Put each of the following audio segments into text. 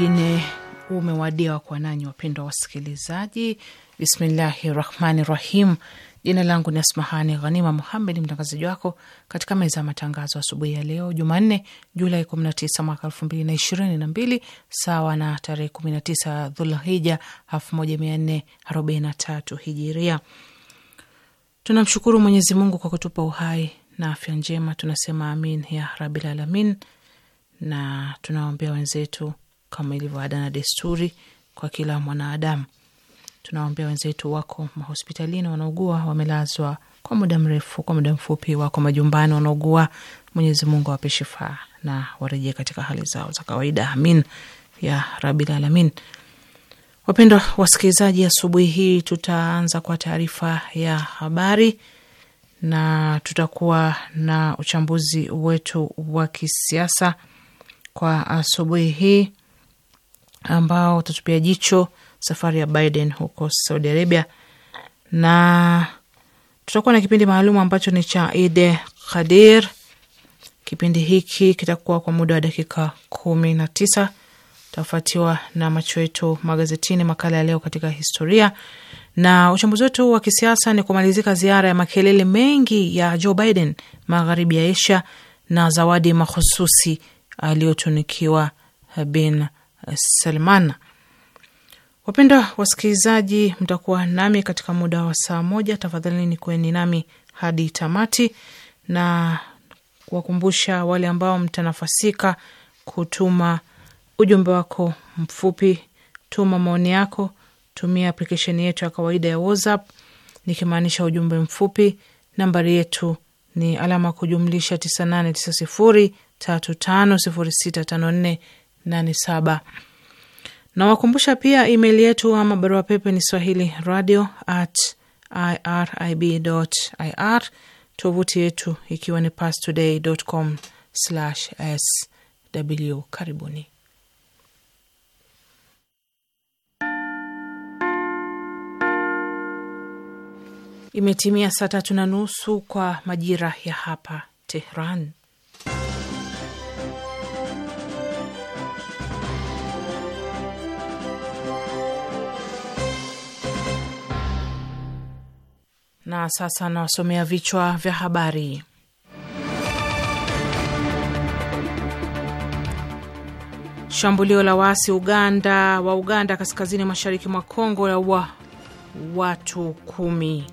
mwingine umewadia kwa nanyi, wapendwa wasikilizaji. Bismillahi rahmani rahim. Jina langu ni Asmahani Ghanima Muhammed, mtangazaji wako katika meza ya matangazo asubuhi ya leo Jumanne, Julai 19 mwaka 2022 sawa na tarehe 19 Dhulhija 1443 Hijiria. Tunamshukuru Mwenyezi Mungu kwa kutupa uhai na afya njema, tunasema amin ya rabil alamin, na tunaombea wenzetu kama ilivyo ada na desturi kwa kila mwanadamu. Tunawaambia wenzetu wako mahospitalini wanaugua, wamelazwa kwa muda mrefu, kwa muda mfupi, wako majumbani wanaugua. Mwenyezi Mungu awape shifaa na warejee katika hali zao za kawaida, amin ya rabil alamin. Wapendwa wasikilizaji, asubuhi hii tutaanza kwa taarifa ya habari na tutakuwa na uchambuzi wetu wa kisiasa kwa asubuhi hii ambao utatupia jicho safari ya Biden huko Saudi Arabia, na tutakuwa na kipindi maalum ambacho ni cha Id Kadir. Kipindi hiki kitakuwa kwa muda wa dakika kumi na tisa tafuatiwa na macho yetu magazetini, makala ya leo katika historia na uchambuzi wetu wa kisiasa. Ni kumalizika ziara ya makelele mengi ya Joe Biden magharibi ya Asia na zawadi mahususi aliyotunikiwa bin Salman. Wapendwa wasikilizaji, mtakuwa nami katika muda wa saa moja. Tafadhali ni kweni nami hadi tamati, na kuwakumbusha wale ambao mtanafasika kutuma ujumbe wako mfupi, tuma maoni yako, tumia aplikesheni yetu ya kawaida ya WhatsApp nikimaanisha ujumbe mfupi. Nambari yetu ni alama kujumlisha sifuri tatu nne 87. Nawakumbusha pia email yetu ama barua pepe ni swahili radio at irib ir, tovuti yetu ikiwa ni pastoday com sw. Karibuni. Imetimia saa tatu na nusu kwa majira ya hapa Tehran. Na sasa nawasomea vichwa vya habari. Shambulio la waasi Uganda wa Uganda kaskazini mashariki mwa Kongo wa watu kumi.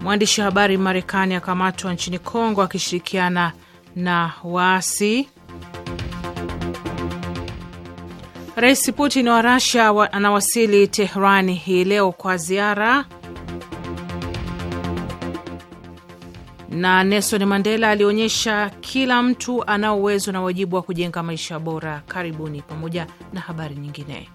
Mwandishi habari Marekani akamatwa nchini Kongo akishirikiana na waasi. Rais Putin wa rusia wa anawasili Tehrani hii leo kwa ziara. Na Nelson Mandela alionyesha kila mtu ana uwezo na wajibu wa kujenga maisha bora. Karibuni pamoja na habari nyingine.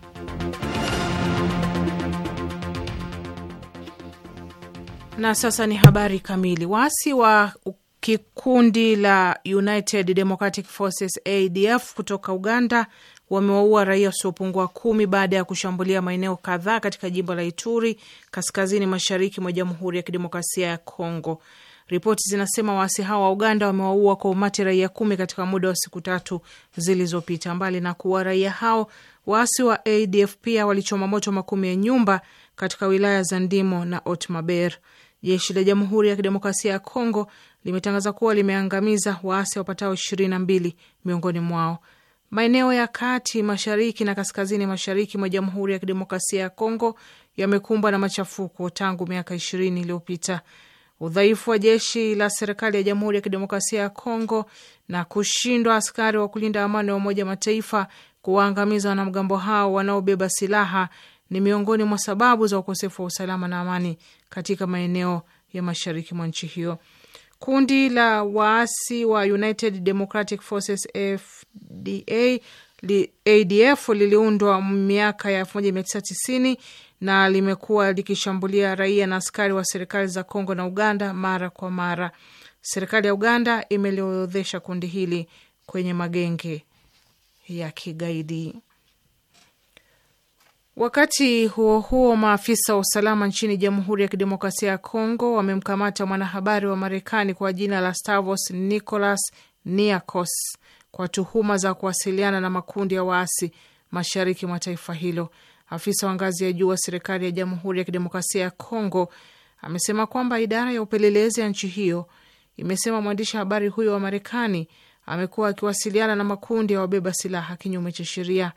Na sasa ni habari kamili. Waasi wa kikundi la United Democratic Forces ADF kutoka Uganda wamewaua raia wasiopungua kumi baada ya kushambulia maeneo kadhaa katika jimbo la Ituri, kaskazini mashariki mwa Jamhuri ya Kidemokrasia ya Kongo. Ripoti zinasema waasi hao wa Uganda wamewaua kwa umati raia kumi katika muda wa siku tatu zilizopita. Mbali na kuua raia hao, waasi wa ADF pia walichoma moto makumi ya nyumba katika wilaya za Ndimo na Otmaber. Jeshi la Jamhuri ya Kidemokrasia ya Kongo limetangaza kuwa limeangamiza waasi wapatao ishirini na mbili miongoni mwao Maeneo ya kati, mashariki na kaskazini mashariki mwa Jamhuri ya Kidemokrasia ya Kongo yamekumbwa na machafuko tangu miaka ishirini iliyopita. Udhaifu wa jeshi la serikali ya Jamhuri ya Kidemokrasia ya Kongo na kushindwa askari wa kulinda amani wa Umoja Mataifa kuwaangamiza wanamgambo hao wanaobeba silaha ni miongoni mwa sababu za ukosefu wa usalama na amani katika maeneo ya mashariki mwa nchi hiyo. Kundi la waasi wa United Democratic Forces FDA, li, ADF liliundwa miaka ya 1990 na limekuwa likishambulia raia na askari wa serikali za Kongo na Uganda mara kwa mara. Serikali ya Uganda imeliorodhesha kundi hili kwenye magenge ya kigaidi. Wakati huo huo, maafisa wa usalama nchini Jamhuri ya Kidemokrasia ya Kongo wamemkamata mwanahabari wa Marekani kwa jina la stavos Nicolas Niakos kwa tuhuma za kuwasiliana na makundi ya waasi mashariki mwa taifa hilo. Afisa wa ngazi ya juu wa serikali ya Jamhuri ya Kidemokrasia ya Kongo amesema kwamba idara ya upelelezi ya nchi hiyo imesema mwandishi habari huyo wa Marekani amekuwa akiwasiliana na makundi ya wabeba silaha kinyume cha sheria.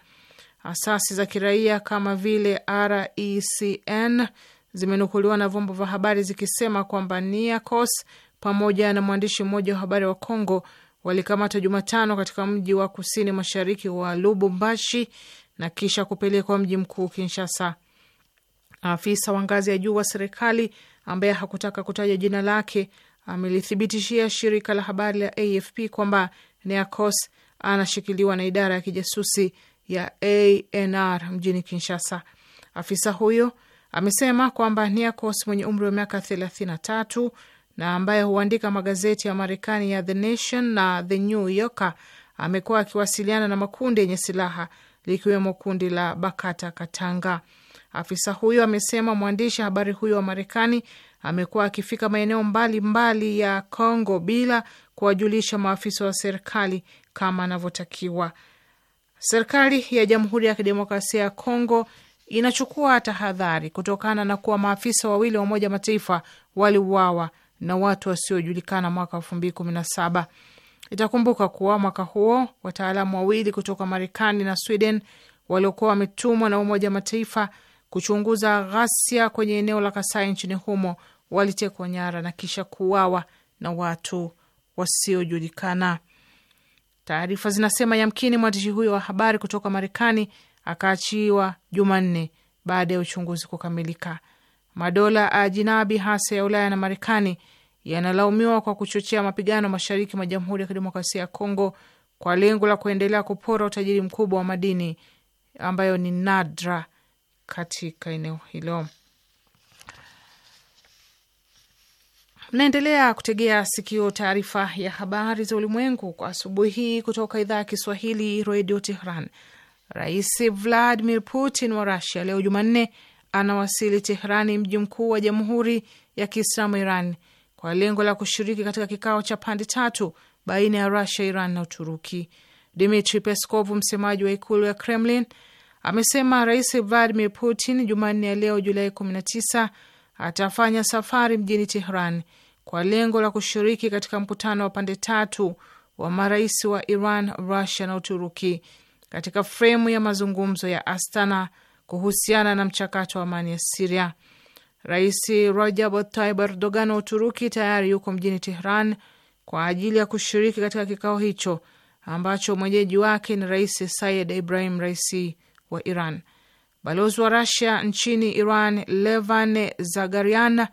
Asasi za kiraia kama vile RECN zimenukuliwa na vyombo vya habari zikisema kwamba Niacos pamoja na mwandishi mmoja wa habari wa congo walikamatwa Jumatano katika mji wa kusini mashariki wa Lubumbashi na kisha kupelekwa mji mkuu Kinshasa. Afisa wa ngazi ya juu wa serikali ambaye hakutaka kutaja jina lake amelithibitishia shirika la habari la AFP kwamba niakos anashikiliwa na idara ya kijasusi ya ANR mjini Kinshasa. Afisa huyo amesema kwamba Niacos mwenye umri wa miaka 33 na ambaye huandika magazeti ya Marekani ya The Nation na The New Yorker amekuwa akiwasiliana na makundi yenye silaha likiwemo kundi la Bakata Katanga. Afisa huyo amesema mwandishi habari huyo wa Marekani amekuwa akifika maeneo mbalimbali ya Congo bila kuwajulisha maafisa wa serikali kama anavyotakiwa. Serikali ya Jamhuri ya Kidemokrasia ya Kongo inachukua tahadhari kutokana na kuwa maafisa wawili wa Umoja Mataifa waliuawa na watu wasiojulikana mwaka elfu mbili kumi na saba. Itakumbuka kuwa mwaka huo wataalamu wawili kutoka Marekani na Sweden waliokuwa wametumwa na Umoja Mataifa kuchunguza ghasia kwenye eneo la Kasai nchini humo walitekwa nyara na kisha kuuawa na watu wasiojulikana. Taarifa zinasema yamkini mwandishi huyo wa habari kutoka Marekani akaachiwa Jumanne baada ya uchunguzi kukamilika. Madola ajinabi hasa ya Ulaya na Marekani yanalaumiwa kwa kuchochea mapigano mashariki mwa Jamhuri ya Kidemokrasia ya Kongo kwa lengo la kuendelea kupora utajiri mkubwa wa madini ambayo ni nadra katika eneo hilo. Mnaendelea kutegea sikio taarifa ya habari za ulimwengu kwa asubuhi hii kutoka idhaa ya Kiswahili redio Tehran. Rais Vladimir Putin wa Rusia leo Jumanne anawasili Teherani, mji mkuu wa Jamhuri ya Kiislamu Iran, kwa lengo la kushiriki katika kikao cha pande tatu baina ya Rusia, Iran na Uturuki. Dmitri Peskov, msemaji wa ikulu ya Kremlin, amesema Rais Vladimir Putin Jumanne ya leo Julai 19 atafanya safari mjini teheran kwa lengo la kushiriki katika mkutano wa pande tatu wa marais wa Iran, Rusia na Uturuki katika fremu ya mazungumzo ya Astana kuhusiana na mchakato wa amani ya Siria. Rais Rajab Tayyip Erdogan wa Uturuki tayari yuko mjini Tehran kwa ajili ya kushiriki katika kikao hicho ambacho mwenyeji wake ni Rais Sayed Ibrahim Raisi wa Iran. Balozi wa Rasia nchini Iran Levan Zagarian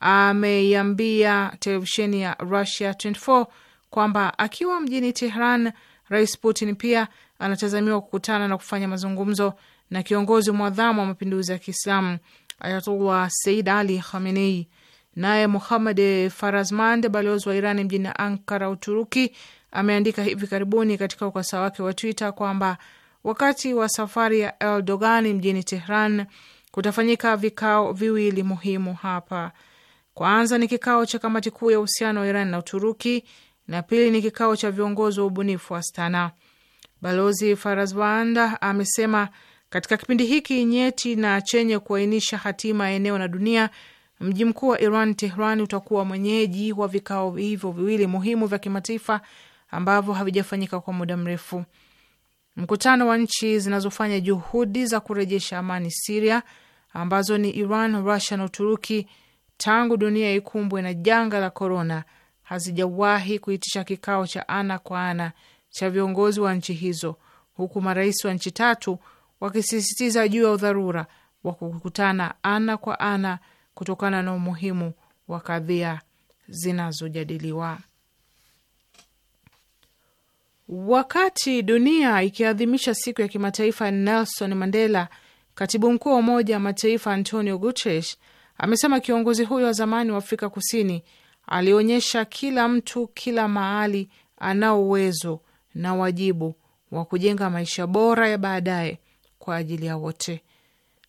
ameiambia televisheni ya Russia 24 kwamba akiwa mjini Tehran, Rais Putin pia anatazamiwa kukutana na kufanya mazungumzo na kiongozi mwadhamu wa mapinduzi ya Kiislamu Ayatullah Said Ali Khamenei. Naye Muhammad Farazmand, balozi wa Irani mjini Ankara, Uturuki, ameandika hivi karibuni katika ukasa wake wa Twitter kwamba wakati wa safari ya Erdogan mjini Tehran kutafanyika vikao viwili muhimu hapa kwanza ni kikao cha kamati kuu ya uhusiano wa Iran na Uturuki na pili ni kikao cha viongozi wa ubunifu wa Astana. Balozi Farazwanda amesema katika kipindi hiki nyeti na chenye kuainisha hatima ya eneo na dunia, mji mkuu wa Iran, Tehran, utakuwa mwenyeji wa vikao hivyo viwili muhimu vya kimataifa ambavyo havijafanyika kwa muda mrefu. Mkutano wa nchi zinazofanya juhudi za kurejesha amani Siria, ambazo ni Iran, Rusia na Uturuki tangu dunia ikumbwe na janga la korona hazijawahi kuitisha kikao cha ana kwa ana cha viongozi wa nchi hizo, huku marais wa nchi tatu wakisisitiza juu ya udharura wa kukutana ana kwa ana kutokana na umuhimu wa kadhia zinazojadiliwa. Wakati dunia ikiadhimisha siku ya kimataifa Nelson Mandela, katibu mkuu wa Umoja wa Mataifa Antonio Guterres Amesema kiongozi huyo wa zamani wa Afrika Kusini alionyesha kila mtu kila mahali anao uwezo na wajibu wa kujenga maisha bora ya baadaye kwa ajili ya wote.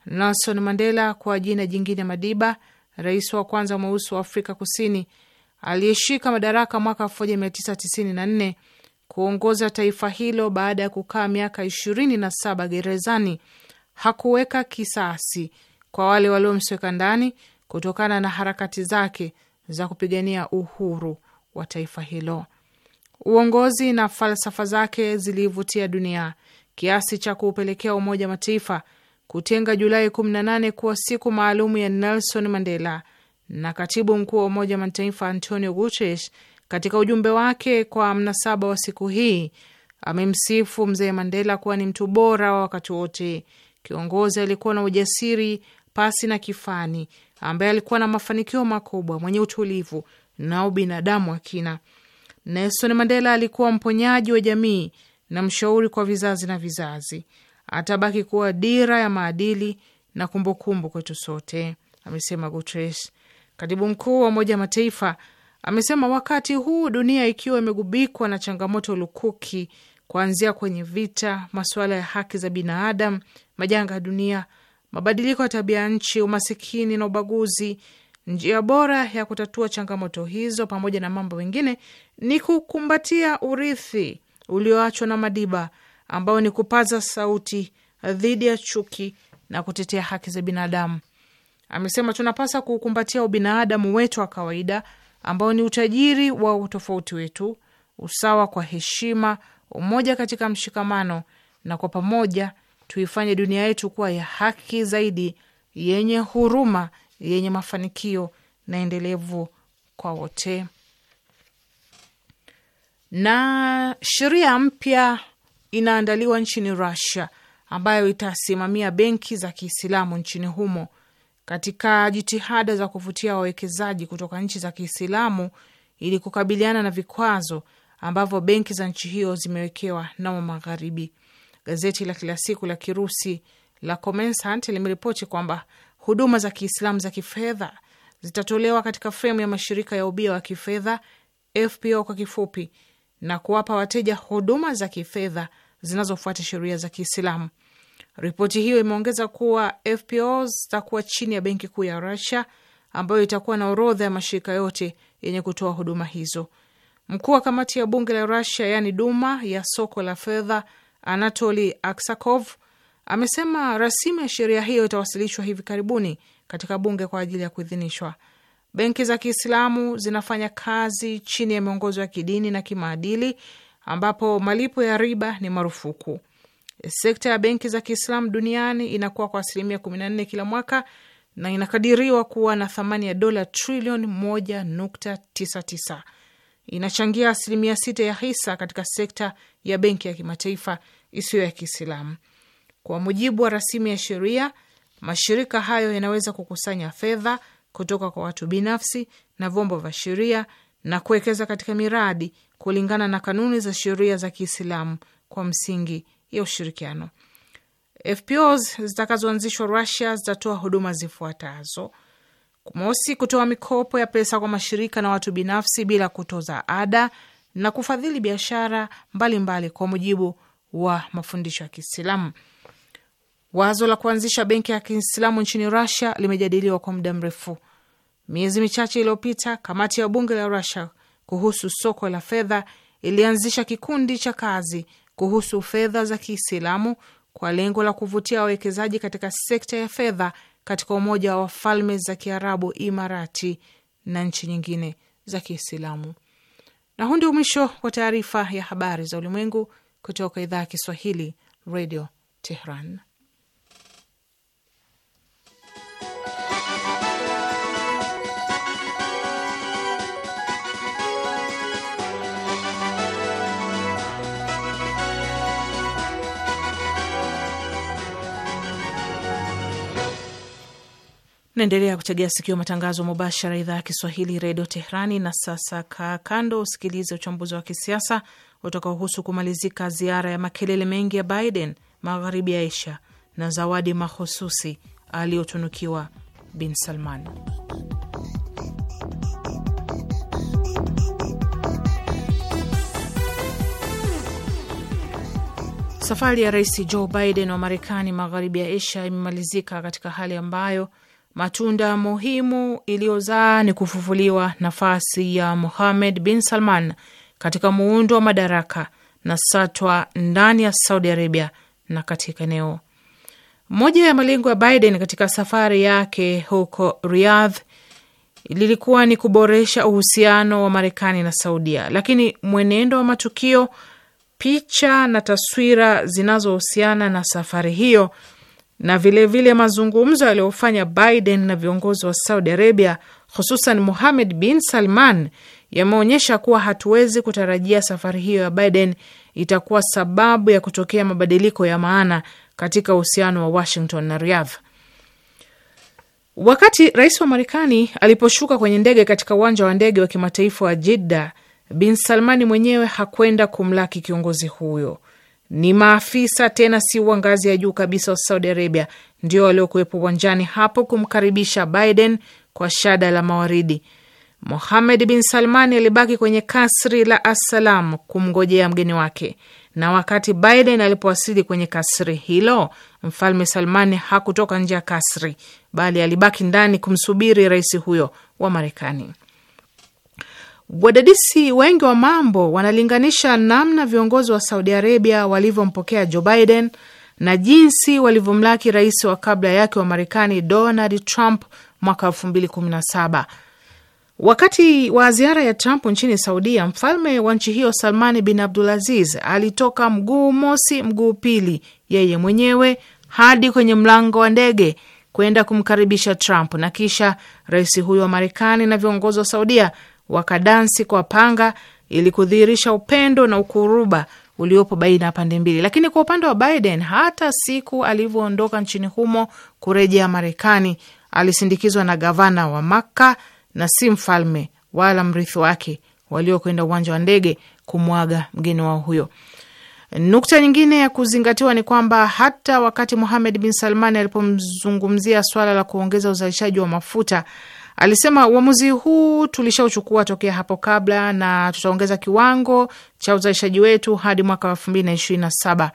Nelson Mandela, kwa jina jingine Madiba, rais wa kwanza mweusi wa Afrika Kusini aliyeshika madaraka mwaka 1994 kuongoza taifa hilo baada ya kukaa miaka 27 gerezani, hakuweka kisasi kwa wale waliomsweka ndani kutokana na harakati zake za kupigania uhuru wa taifa hilo. Uongozi na falsafa zake zilivutia dunia kiasi cha kuupelekea Umoja Mataifa kutenga Julai 18 kuwa siku maalumu ya Nelson Mandela, na katibu mkuu wa Umoja Mataifa Antonio Guterres katika ujumbe wake kwa mnasaba wa siku hii amemsifu mzee Mandela kuwa ni mtu bora wa wakati wote, kiongozi alikuwa na ujasiri pasi na kifani, ambaye alikuwa na mafanikio makubwa, mwenye utulivu na ubinadamu wa kina. Nelson Mandela alikuwa mponyaji wa jamii na mshauri kwa vizazi na vizazi. Atabaki kuwa dira ya maadili na kumbukumbu kwetu sote, amesema Guterres. Katibu mkuu wa Umoja Mataifa amesema wakati huu dunia ikiwa imegubikwa na changamoto lukuki, kuanzia kwenye vita, masuala ya haki za binadamu, majanga ya dunia, mabadiliko ya tabia nchi, umasikini na ubaguzi. Njia bora ya kutatua changamoto hizo pamoja na mambo mengine ni kukumbatia urithi ulioachwa na Madiba, ambao ni kupaza sauti dhidi ya chuki na kutetea haki za binadamu. Amesema tunapasa kukumbatia ubinadamu wetu wa kawaida ambao ni utajiri wa utofauti wetu, usawa kwa heshima, umoja katika mshikamano, na kwa pamoja tuifanye dunia yetu kuwa ya haki zaidi, yenye huruma, yenye mafanikio na endelevu kwa wote. Na sheria mpya inaandaliwa nchini Russia ambayo itasimamia benki za Kiislamu nchini humo katika jitihada za kuvutia wawekezaji kutoka nchi za Kiislamu ili kukabiliana na vikwazo ambavyo benki za nchi hiyo zimewekewa na Magharibi. Gazeti la kila siku la Kirusi la Kommersant limeripoti kwamba huduma za Kiislamu za kifedha zitatolewa katika fremu ya mashirika ya ubia wa kifedha FPO kwa kifupi, na kuwapa wateja huduma za kifedha zinazofuata sheria za Kiislamu. Ripoti hiyo imeongeza kuwa FPO zitakuwa chini ya benki kuu ya Russia ambayo itakuwa na orodha ya mashirika yote yenye kutoa huduma hizo. Mkuu wa kamati ya bunge la Russia yaani Duma ya soko la fedha Anatoli Aksakov amesema rasimu ya sheria hiyo itawasilishwa hivi karibuni katika bunge kwa ajili ya kuidhinishwa. Benki za Kiislamu zinafanya kazi chini ya miongozo ya kidini na kimaadili ambapo malipo ya riba ni marufuku. Sekta ya benki za Kiislamu duniani inakuwa kwa asilimia 14 kila mwaka na inakadiriwa kuwa na thamani ya dola trilioni 1.99 inachangia asilimia sita ya hisa katika sekta ya benki ya kimataifa isiyo ya Kiislamu. Kwa mujibu wa rasimu ya sheria, mashirika hayo yanaweza kukusanya fedha kutoka kwa watu binafsi na vyombo vya sheria na kuwekeza katika miradi kulingana na kanuni za sheria za Kiislamu kwa msingi ya ushirikiano. FPOs zitakazoanzishwa Rusia zitatoa huduma zifuatazo: Mosi, kutoa mikopo ya pesa kwa mashirika na watu binafsi bila kutoza ada na kufadhili biashara mbalimbali kwa mujibu wa mafundisho ya Kiislamu. Wazo la kuanzisha benki ya Kiislamu nchini Rusia limejadiliwa kwa muda mrefu. Miezi michache iliyopita, kamati ya bunge la Rusia kuhusu soko la fedha ilianzisha kikundi cha kazi kuhusu fedha za Kiislamu kwa lengo la kuvutia wawekezaji katika sekta ya fedha katika Umoja wa Falme za Kiarabu, Imarati na nchi nyingine za Kiislamu. Na huu ndio mwisho wa taarifa ya habari za ulimwengu kutoka idhaa ya Kiswahili, Radio Tehran. Naendelea kutegea sikio matangazo mubashara idhaa ya Kiswahili redio Tehrani. Na sasa kaa kando, usikilize uchambuzi wa kisiasa utakaohusu kumalizika ziara ya makelele mengi ya Biden magharibi ya Asia na zawadi mahususi aliyotunukiwa bin Salman. Safari ya rais Joe Biden wa Marekani magharibi ya Asia imemalizika katika hali ambayo Matunda muhimu iliyozaa ni kufufuliwa nafasi ya Mohamed bin Salman katika muundo wa madaraka na satwa ndani ya Saudi Arabia na katika eneo. Moja ya malengo ya Biden katika safari yake huko Riyadh lilikuwa ni kuboresha uhusiano wa Marekani na Saudia, lakini mwenendo wa matukio, picha na taswira zinazohusiana na safari hiyo na vilevile vile mazungumzo yaliyofanya Biden na viongozi wa Saudi Arabia, hususan muhamed bin Salman, yameonyesha kuwa hatuwezi kutarajia safari hiyo ya Biden itakuwa sababu ya kutokea mabadiliko ya maana katika uhusiano wa Washington na Riyadh. Wakati rais wa Marekani aliposhuka kwenye ndege katika uwanja wa ndege wa kimataifa wa Jidda, bin Salmani mwenyewe hakwenda kumlaki kiongozi huyo. Ni maafisa tena si wa ngazi ya juu kabisa wa Saudi Arabia ndio waliokuwepo uwanjani hapo kumkaribisha Biden kwa shada la mawaridi. Mohamed bin Salmani alibaki kwenye kasri la Assalam kumngojea mgeni wake, na wakati Biden alipowasili kwenye kasri hilo, mfalme Salmani hakutoka nje ya kasri, bali alibaki ndani kumsubiri rais huyo wa Marekani. Wadadisi wengi wa mambo wanalinganisha namna viongozi wa Saudi Arabia walivyompokea Joe Biden na jinsi walivyomlaki rais wa kabla yake wa Marekani Donald Trump mwaka 2017. Wakati wa ziara ya Trump nchini Saudia, mfalme wa nchi hiyo Salmani bin Abdulaziz alitoka mguu mosi mguu pili yeye mwenyewe hadi kwenye mlango wa ndege kwenda kumkaribisha Trump, na kisha rais huyo wa Marekani na viongozi wa Saudia wakadansi kwa panga ili kudhihirisha upendo na ukuruba uliopo baina ya pande mbili. Lakini kwa upande wa Biden, hata siku alivyoondoka nchini humo kurejea Marekani, alisindikizwa na gavana wa Makka na si mfalme wala mrithi wake, waliokwenda uwanja wa ndege kumwaga mgeni wao huyo. Nukta nyingine ya kuzingatiwa ni kwamba hata wakati Muhamed bin Salmani alipomzungumzia swala la kuongeza uzalishaji wa mafuta Alisema uamuzi huu tulishauchukua tokea hapo kabla na tutaongeza kiwango cha uzalishaji wetu hadi mwaka wa elfu mbili na ishirini na saba.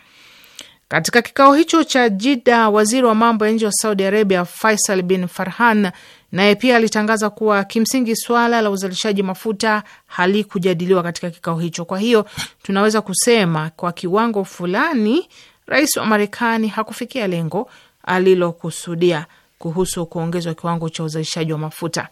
Katika kikao hicho cha Jida, waziri wa mambo ya nje wa Saudi Arabia Faisal bin Farhan naye pia alitangaza kuwa kimsingi swala la uzalishaji mafuta halikujadiliwa katika kikao hicho. Kwa hiyo tunaweza kusema kwa kiwango fulani rais wa Marekani hakufikia lengo alilokusudia kuhusu kuongezwa kiwango cha uzalishaji wa mafuta.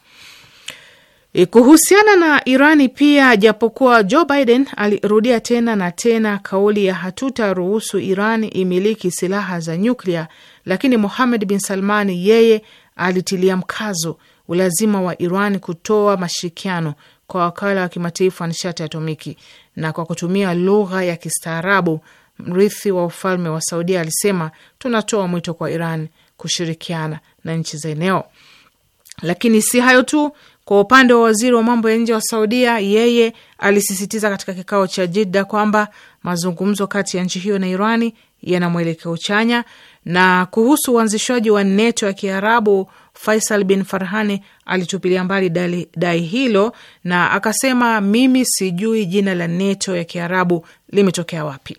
E, kuhusiana na Irani pia, japokuwa Joe Biden alirudia tena na tena kauli ya hatutaruhusu Iran imiliki silaha za nyuklia, lakini muhamed bin salmani yeye alitilia mkazo ulazima wa Iran kutoa mashirikiano kwa wakala wa kimataifa wa nishati atomiki, na kwa kutumia lugha ya kistaarabu, mrithi wa ufalme wa Saudia alisema, tunatoa mwito kwa Iran kushirikiana na nchi za eneo. Lakini si hayo tu. Kwa upande wa waziri wa mambo ya nje wa Saudia, yeye alisisitiza katika kikao cha Jidda kwamba mazungumzo kati ya nchi hiyo na Irani yana mwelekeo chanya. Na kuhusu uanzishwaji wa neto ya Kiarabu, Faisal bin Farhani alitupilia mbali dai, dai hilo na akasema, mimi sijui jina la neto ya Kiarabu limetokea wapi.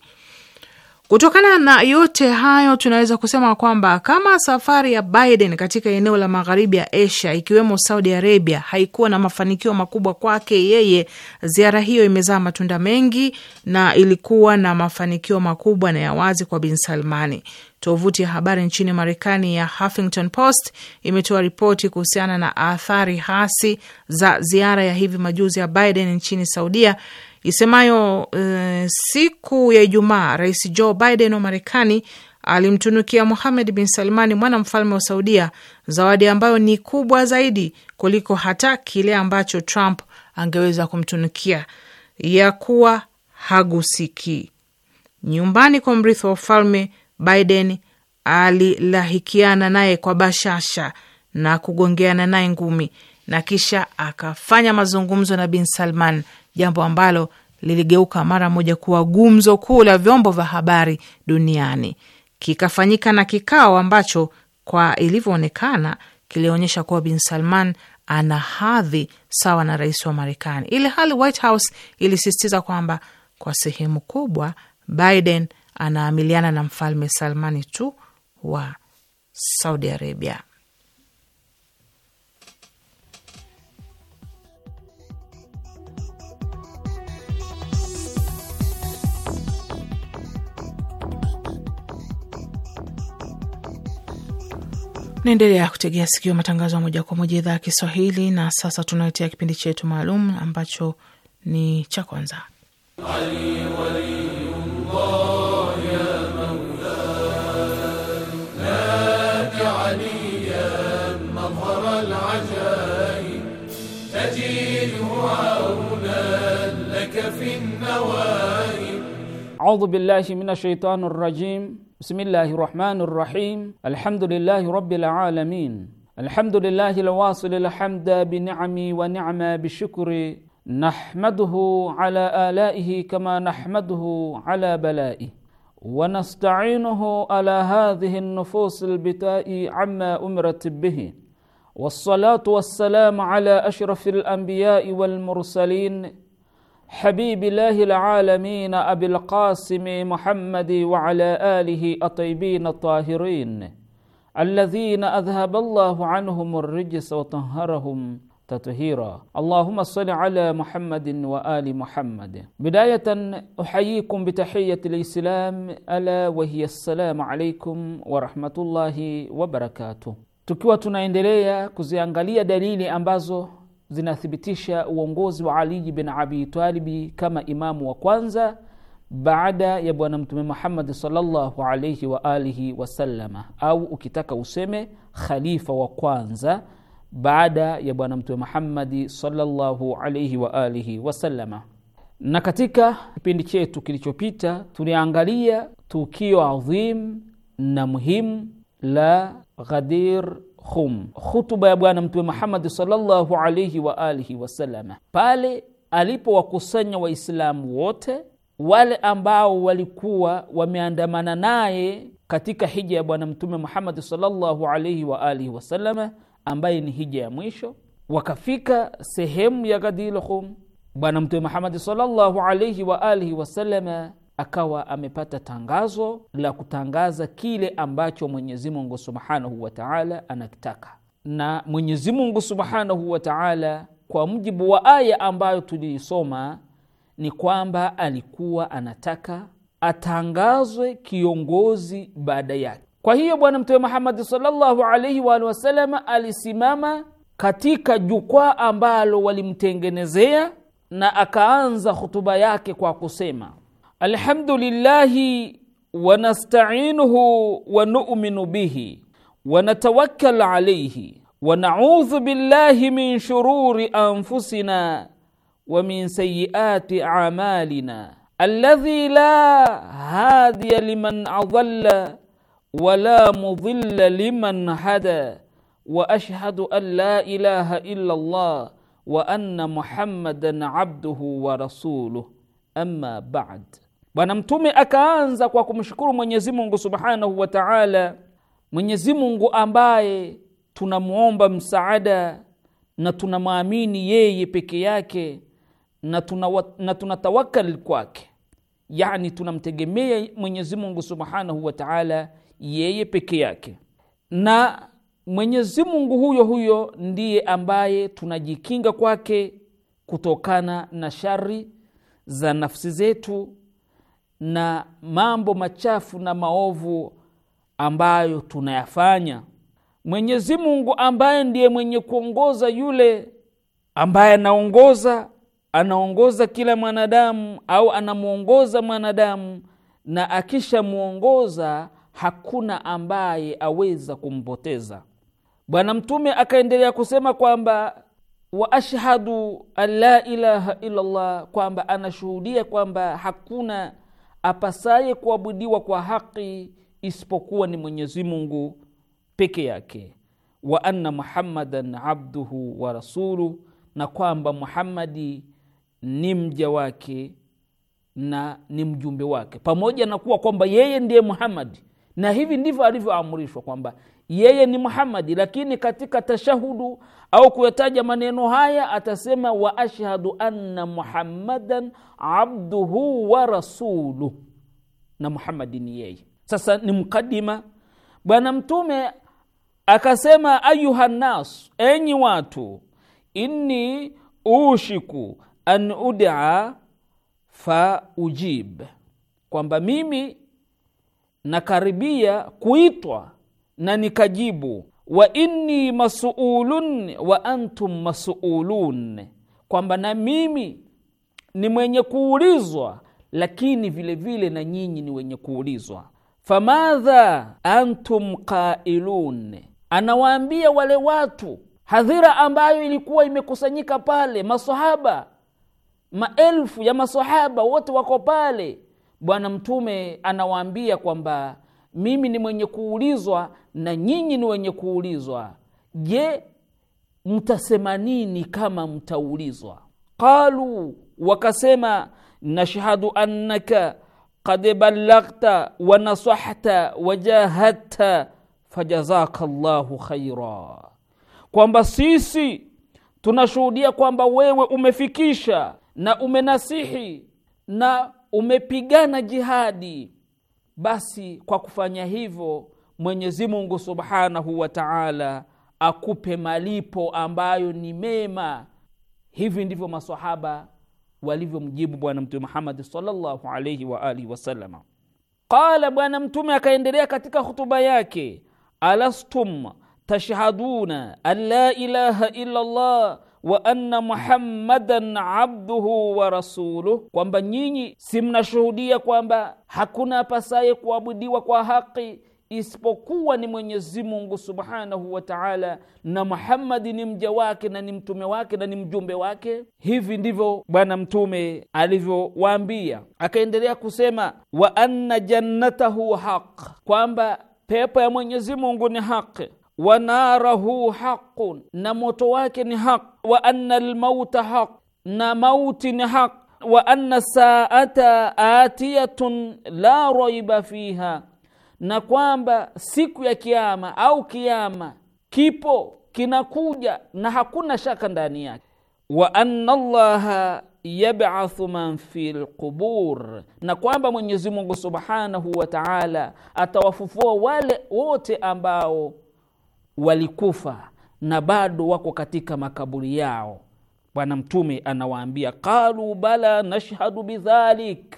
Kutokana na yote hayo, tunaweza kusema kwamba kama safari ya Biden katika eneo la magharibi ya Asia ikiwemo Saudi Arabia haikuwa na mafanikio makubwa kwake yeye, ziara hiyo imezaa matunda mengi na ilikuwa na mafanikio makubwa na ya wazi kwa bin Salmani. Tovuti ya habari nchini Marekani ya Huffington Post imetoa ripoti kuhusiana na athari hasi za ziara ya hivi majuzi ya Biden nchini Saudia isemayo uh, siku ya Ijumaa Rais Joe Biden wa Marekani alimtunukia Muhamed bin Salmani, mwana mfalme wa Saudia, zawadi ambayo ni kubwa zaidi kuliko hata kile ambacho Trump angeweza kumtunukia, ya kuwa hagusiki nyumbani kwa mrithi wa ufalme. Biden alilahikiana naye kwa bashasha na kugongeana naye ngumi na kisha akafanya mazungumzo na bin Salman jambo ambalo liligeuka mara moja kuwa gumzo kuu la vyombo vya habari duniani. Kikafanyika na kikao ambacho kwa ilivyoonekana kilionyesha kuwa Bin Salman ana hadhi sawa na rais wa Marekani, ili hali White House ilisisitiza kwamba kwa sehemu kubwa Biden anaamiliana na mfalme Salmani tu wa Saudi Arabia. Naendelea kutegea sikio matangazo ya moja kwa moja idhaa ya Kiswahili. Na sasa tunaletea kipindi chetu maalum ambacho ni cha kwanza audhu billahi rajim بسم الله الرحمن الرحيم الحمد لله رب العالمين الحمد لله الواصل الحمد بنعمي ونعمة بشكر نحمده على آلائه كما نحمده على بلائه ونستعينه على هذه النفوس البتاء عما أمرت به والصلاة والسلام على أشرف الأنبياء والمرسلين حبيب الله العالمين أبي القاسم محمد وعلى آله الطيبين الطاهرين الذين أذهب الله عنهم الرجس وطهرهم تطهيرا اللهم صل على محمد وآل محمد بداية أحييكم بتحية الإسلام ألا وهي السلام عليكم ورحمة الله وبركاته tukiwa tunaendelea kuziangalia dalili ambazo zinathibitisha uongozi wa Aliji bin Abi Talibi kama imamu wa kwanza baada ya Bwana Mtume Muhammadi sallallahu alaihi wa alihi wasallama, au ukitaka useme khalifa wa kwanza baada ya Bwana Mtume Muhammadi sallallahu alaihi wa alihi wasallama. Na katika kipindi chetu kilichopita tuliangalia tukio adhim na muhimu la Ghadir hum, hutuba ya Bwana Mtume Muhammad sallallahu alayhi wa alihi wasalama, pale alipowakusanya Waislamu wote wale ambao walikuwa wameandamana naye katika hija ya Bwana Mtume Muhammad sallallahu alayhi wa alihi wasalama, ambaye ni hija ya mwisho. Wakafika sehemu ya Ghadil Hum, Bwana Mtume Muhammad sallallahu alayhi wa alihi wasalama akawa amepata tangazo la kutangaza kile ambacho Mwenyezi Mungu subhanahu wa taala anakitaka, na Mwenyezi Mungu subhanahu wa taala kwa mujibu wa aya ambayo tuliisoma ni kwamba alikuwa anataka atangazwe kiongozi baada yake. Kwa hiyo Bwana Mtume Muhammadi sallallahu alaihi waalihi wasalama alisimama katika jukwaa ambalo walimtengenezea na akaanza hutuba yake kwa kusema الحمد لله ونستعينه ونؤمن به ونتوكل عليه ونعوذ بالله من شرور انفسنا ومن سيئات اعمالنا الذي لا هادي لمن اضل ولا مضل لمن هدى واشهد ان لا اله الا الله وان محمدا عبده ورسوله اما بعد bwana mtume akaanza kwa kumshukuru mwenyezi mungu subhanahu wa taala mwenyezi mungu ambaye tunamwomba msaada na tunamwamini yeye peke yake na, tuna, na tunatawakal kwake yani tunamtegemea mwenyezi mungu subhanahu wa taala yeye peke yake na mwenyezi mungu huyo huyo ndiye ambaye tunajikinga kwake kutokana na shari za nafsi zetu na mambo machafu na maovu ambayo tunayafanya. Mwenyezi Mungu ambaye ndiye mwenye kuongoza yule ambaye anaongoza anaongoza kila mwanadamu au anamwongoza mwanadamu, na akishamwongoza hakuna ambaye aweza kumpoteza. Bwana Mtume akaendelea kusema kwamba wa ashhadu an la ilaha illallah, kwamba anashuhudia kwamba hakuna apasaye kuabudiwa kwa haki isipokuwa ni Mwenyezi Mungu peke yake, wa anna Muhammadan abduhu wa rasulu, na kwamba Muhammadi ni mja wake na ni mjumbe wake, pamoja na kuwa kwamba yeye ndiye Muhammadi na hivi ndivyo alivyoamrishwa kwamba yeye ni Muhammadi, lakini katika tashahudu au kuyataja maneno haya atasema wa ashhadu anna muhammadan abduhu wa rasuluh, na Muhammadi ni yeye. Sasa ni mkadima. Bwana Mtume akasema ayuha nnas, enyi watu, inni ushiku an udia fa ujib, kwamba mimi nakaribia kuitwa na nikajibu wa inni masuulun wa antum masuulun, kwamba na mimi ni mwenye kuulizwa, lakini vilevile vile na nyinyi ni wenye kuulizwa. Famadha antum qailun, anawaambia wale watu, hadhira ambayo ilikuwa imekusanyika pale, masahaba maelfu ya masahaba wote wako pale. Bwana Mtume anawaambia kwamba mimi ni mwenye kuulizwa na nyinyi ni wenye kuulizwa. Je, mtasema nini kama mtaulizwa? Qalu, wakasema nashhadu annaka kad balaghta wa nasahta wa jahadta fajazaka llahu khaira, kwamba sisi tunashuhudia kwamba wewe umefikisha na umenasihi na umepigana jihadi basi kwa kufanya hivyo mwenyezi mungu subhanahu wa taala akupe malipo ambayo ni mema hivi ndivyo masahaba walivyomjibu bwana mtume Muhammadi salllahu alaihi alihi wasalama qala bwana mtume akaendelea katika hutuba yake alastum tashhaduna an la ilaha illa llah wa anna muhammadan abduhu wa rasuluh, kwamba nyinyi si mnashuhudia kwamba hakuna apasaye kuabudiwa kwa haki isipokuwa ni Mwenyezi Mungu subhanahu wa taala, na Muhammadi ni mja wake na ni mtume wake na ni mjumbe wake. Hivi ndivyo Bwana Mtume alivyowaambia. Akaendelea kusema wa anna jannatahu haq, kwamba pepo ya Mwenyezi Mungu ni haki wa narahu haqun, na moto wake ni haq. Wa anna almauta haq, na mauti ni haq. Wa anna saata atiyatun la raiba fiha, na kwamba siku ya kiama au kiama kipo kinakuja na hakuna shaka ndani yake. Wa anna allaha yabathu man fi lqubur, na kwamba Mwenyezi Mungu subhanahu wa taala atawafufua wale wote ambao walikufa na bado wako katika makaburi yao bwana mtume anawaambia qalu bala nashhadu bidhalik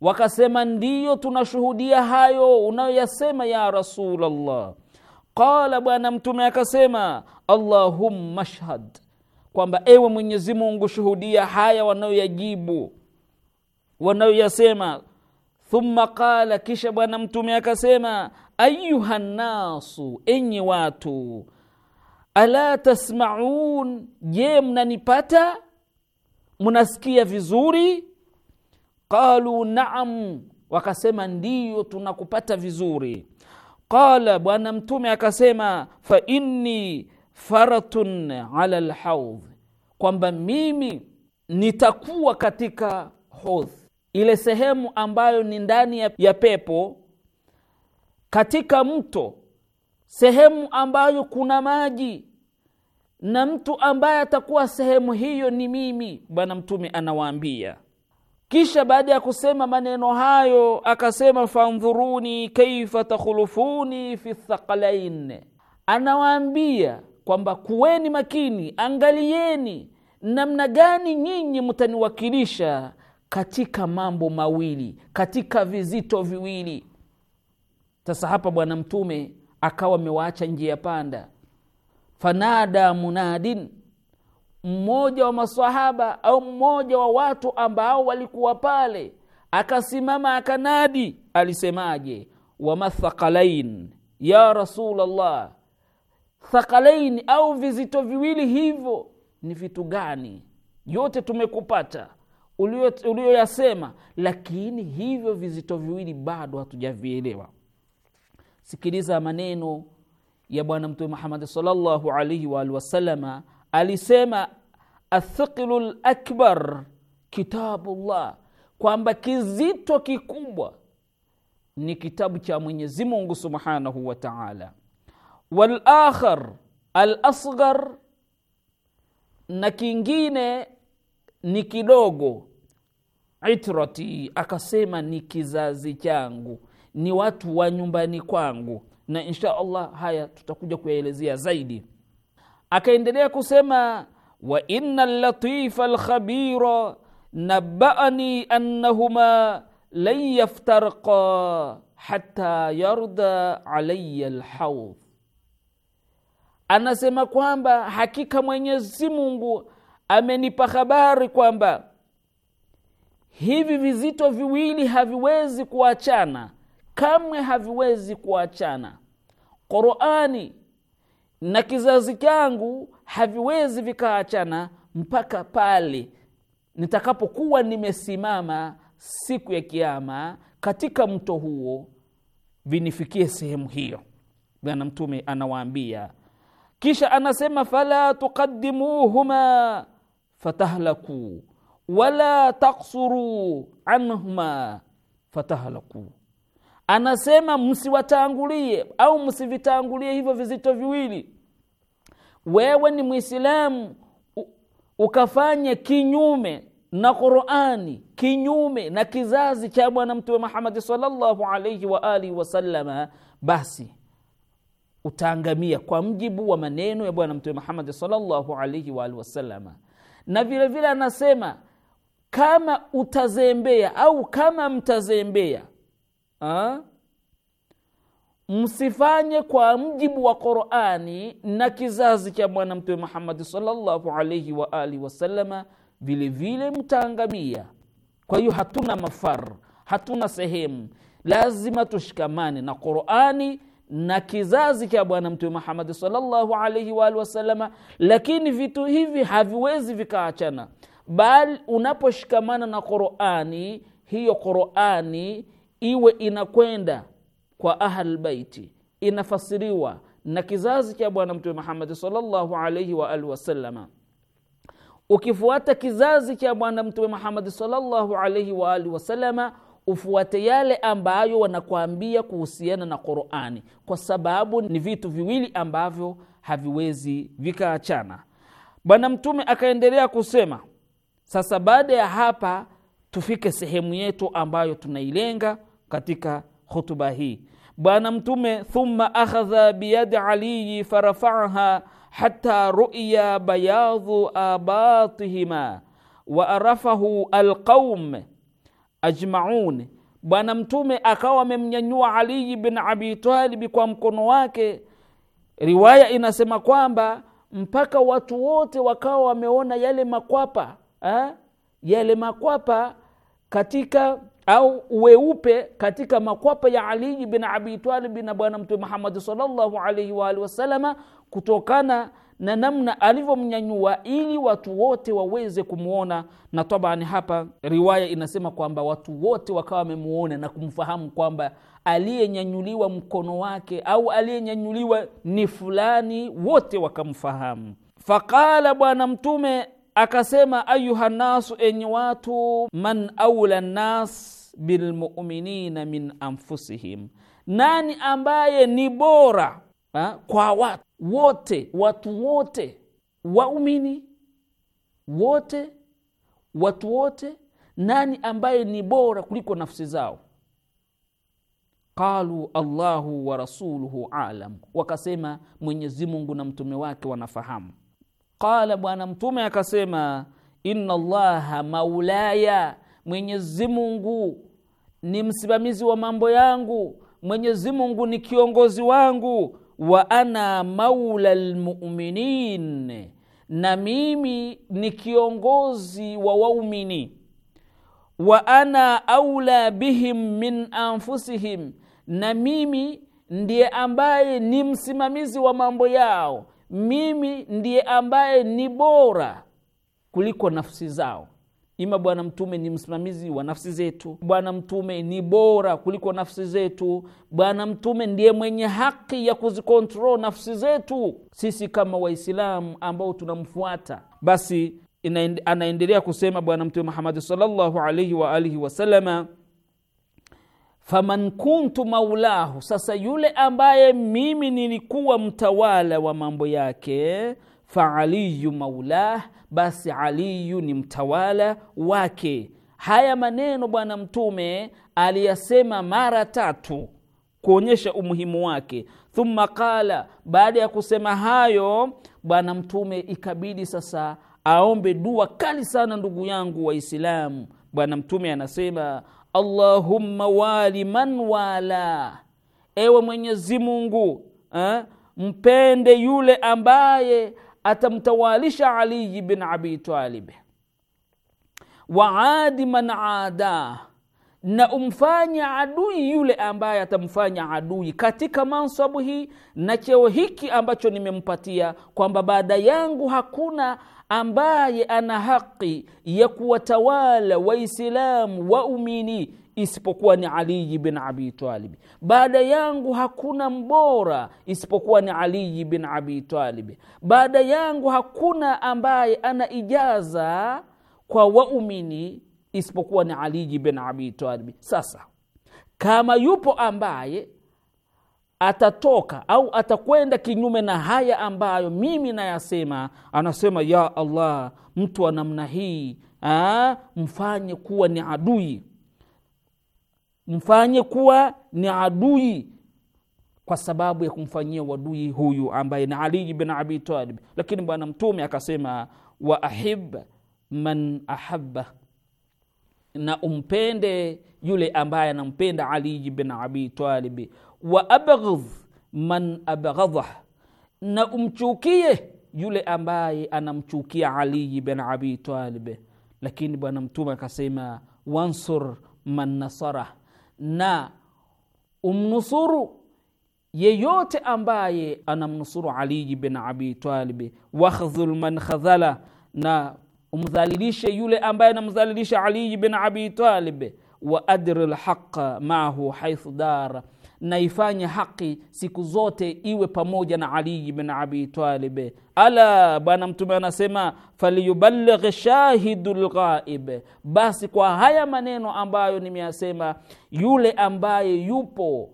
wakasema ndiyo tunashuhudia hayo unayoyasema ya rasulllah qala bwana mtume akasema allahumma shhad kwamba ewe mwenyezi mungu shuhudia haya wanayoyajibu wanayoyasema thumma qala kisha bwana mtume akasema ayuha nnasu, enyi watu, ala tasmaun, je, mnanipata? Mnasikia vizuri? Qalu naam, wakasema ndiyo, tunakupata vizuri. Qala, Bwana Mtume akasema fa inni faratun ala lhaudh, kwamba mimi nitakuwa katika hodh, ile sehemu ambayo ni ndani ya pepo katika mto, sehemu ambayo kuna maji, na mtu ambaye atakuwa sehemu hiyo ni mimi. Bwana Mtume anawaambia. Kisha baada ya kusema maneno hayo akasema, fandhuruni kaifa takhulufuni fi thaqalain, anawaambia kwamba kuweni makini, angalieni namna gani nyinyi mtaniwakilisha katika mambo mawili, katika vizito viwili sasa hapa bwana mtume akawa amewaacha njia panda fanada munadin mmoja wa masahaba au mmoja wa watu ambao walikuwa pale akasimama akanadi alisemaje wamathakalain ya rasulllah thakalain au vizito viwili hivyo ni vitu gani yote tumekupata ulioyasema lakini hivyo vizito viwili bado hatujavielewa sikiliza maneno ya bwana mtume muhamadi salllahu alaihi waalihi wasalama alisema athiqilu lakbar kitabullah kwamba kizito kikubwa ni kitabu cha mwenyezi mungu subhanahu wa taala walakhar alasghar na kingine ni kidogo itrati akasema ni kizazi changu ni watu wa nyumbani kwangu na insha allah haya tutakuja kuyaelezea zaidi akaendelea kusema wa ina latifa lkhabira nabaani annahuma lan yaftarqa hata yarda alaya lhaudh anasema kwamba hakika mwenyezi mungu amenipa habari kwamba hivi vizito viwili haviwezi kuachana kamwe haviwezi kuachana qurani na kizazi changu haviwezi vikaachana mpaka pale nitakapokuwa nimesimama siku ya kiama katika mto huo vinifikie sehemu hiyo bwana mtume anawaambia kisha anasema fala tuqadimuhuma fatahlakuu wala taksuruu anhuma fatahlakuu anasema msiwatangulie au msivitangulie hivyo vizito viwili. Wewe ni Mwislamu ukafanye kinyume na Qurani, kinyume na kizazi cha Bwana Mtume Muhammadi sallallahu alaihi wa alihi wasallama, basi utaangamia kwa mjibu wa maneno ya Bwana Mtume Muhammadi sallallahu alaihi wa alihi wasallama. Na vilevile vile anasema kama utazembea au kama mtazembea ha? msifanye kwa mjibu wa qurani na kizazi cha bwana mtume muhammadi salllahu alaihi alihi wasalama vilevile mtaangamia kwa hiyo hatuna mafar hatuna sehemu lazima tushikamane na qurani na kizazi cha bwana mtume muhammadi salllahu alaihi alihi wasalama lakini vitu hivi haviwezi vikaachana bali unaposhikamana na qurani hiyo qurani iwe inakwenda kwa baiti inafasiriwa na kizazi cha bwana mtume muhammadi salllahu alaihi wa alihi wasalama ukifuata kizazi cha bwana mtume muhammadi salllahu alaihi wa alihi wasalama ufuate yale ambayo wanakuambia kuhusiana na Qurani, kwa sababu ni vitu viwili ambavyo haviwezi vikaachana. Bwana mtume akaendelea kusema, sasa baada ya hapa tufike sehemu yetu ambayo tunailenga katika hutuba hii Bwana Mtume, thumma akhadha biyadi aliyi farafaaha hata ruiya bayadhu abatihima wa arafahu alqaum ajmaun. Bwana Mtume akawa amemnyanyua Aliyi bin abitalibi kwa mkono wake. Riwaya inasema kwamba mpaka watu wote wakawa wameona yale makwapa ha? Eh, yale makwapa katika au weupe katika makwapa ya aliyi bin abi talibi na bwana mtume muhammadi salllahu alaihi waalihi wasalama kutokana na namna alivyomnyanyua ili watu wote waweze kumwona na tabani hapa riwaya inasema kwamba watu wote wakawa wamemuona na kumfahamu kwamba aliyenyanyuliwa mkono wake au aliyenyanyuliwa ni fulani wote wakamfahamu faqala bwana mtume akasema ayuha nasu, enyi watu, man aula nas bilmuminina min anfusihim, nani ambaye ni bora ha, kwa watu wote, watu wote waumini wote watu wote, nani ambaye ni bora kuliko nafsi zao? Qalu Allahu wa rasuluhu alam, wakasema Mwenyezi Mungu na mtume wake wanafahamu qala, Bwana Mtume akasema inna Allaha maulaya, Mwenyezi Mungu ni msimamizi wa mambo yangu, Mwenyezi Mungu ni kiongozi wangu, wa ana maula lmuminin, na mimi ni kiongozi wa waumini, wa ana aula bihim min anfusihim, na mimi ndiye ambaye ni msimamizi wa mambo yao mimi ndiye ambaye ni bora kuliko nafsi zao ima bwana mtume ni msimamizi wa nafsi zetu bwana mtume ni bora kuliko nafsi zetu bwana mtume ndiye mwenye haki ya kuzikontrol nafsi zetu sisi kama waislamu ambao tunamfuata basi anaendelea kusema bwana mtume muhamadi salllahu alaihi alihi wasalama faman kuntu maulahu, sasa yule ambaye mimi nilikuwa mtawala wa mambo yake, fa aliyu maulah, basi Aliyu ni mtawala wake. Haya maneno Bwana Mtume aliyasema mara tatu kuonyesha umuhimu wake. Thumma qala, baada ya kusema hayo Bwana Mtume ikabidi sasa aombe dua kali sana, ndugu yangu Waislamu. Bwana Mtume anasema allahumma wali man wala ewe mwenyezi mungu eh, mpende yule ambaye atamtawalisha aliyi bin abi talib adi man ada na umfanye adui yule ambaye atamfanya adui katika mansabu hii na cheo hiki ambacho nimempatia kwamba baada yangu hakuna ambaye ana haki ya kuwatawala waislamu waumini isipokuwa ni aliyi bin abi baada yangu hakuna mbora isipokuwa ni aliyi bin abi baada yangu hakuna ambaye ana ijaza kwa waumini isipokuwa ni aliyi bin abi sasa kama yupo ambaye atatoka au atakwenda kinyume na haya ambayo mimi nayasema. Anasema, ya Allah, mtu wa namna hii aa, mfanye kuwa ni adui, mfanye kuwa ni adui kwa sababu ya kumfanyia wadui huyu ambaye ni Ali bin Abi Talib. Lakini Bwana Mtume akasema, wa ahib man ahaba, na umpende yule ambaye anampenda Ali bin Abi Talib wa abghidh man abghadhah, na umchukie yule ambaye anamchukia Ali bin Abi Talib. Lakini Bwana Mtume akasema wansur man nasara, na umnusuru yeyote ambaye anamnusuru Ali bin Abi Talib. Wakhdhul man khadhala, na umdhalilishe yule ambaye anamdhalilisha Ali bin Abi Talib. Wa adri lhaqa maahu haithu dara naifanye haki siku zote iwe pamoja na Ali bin Abi Talib. Ala, Bwana Mtume anasema falyuballigh shahidu lghaib, basi kwa haya maneno ambayo nimeyasema, yule ambaye yupo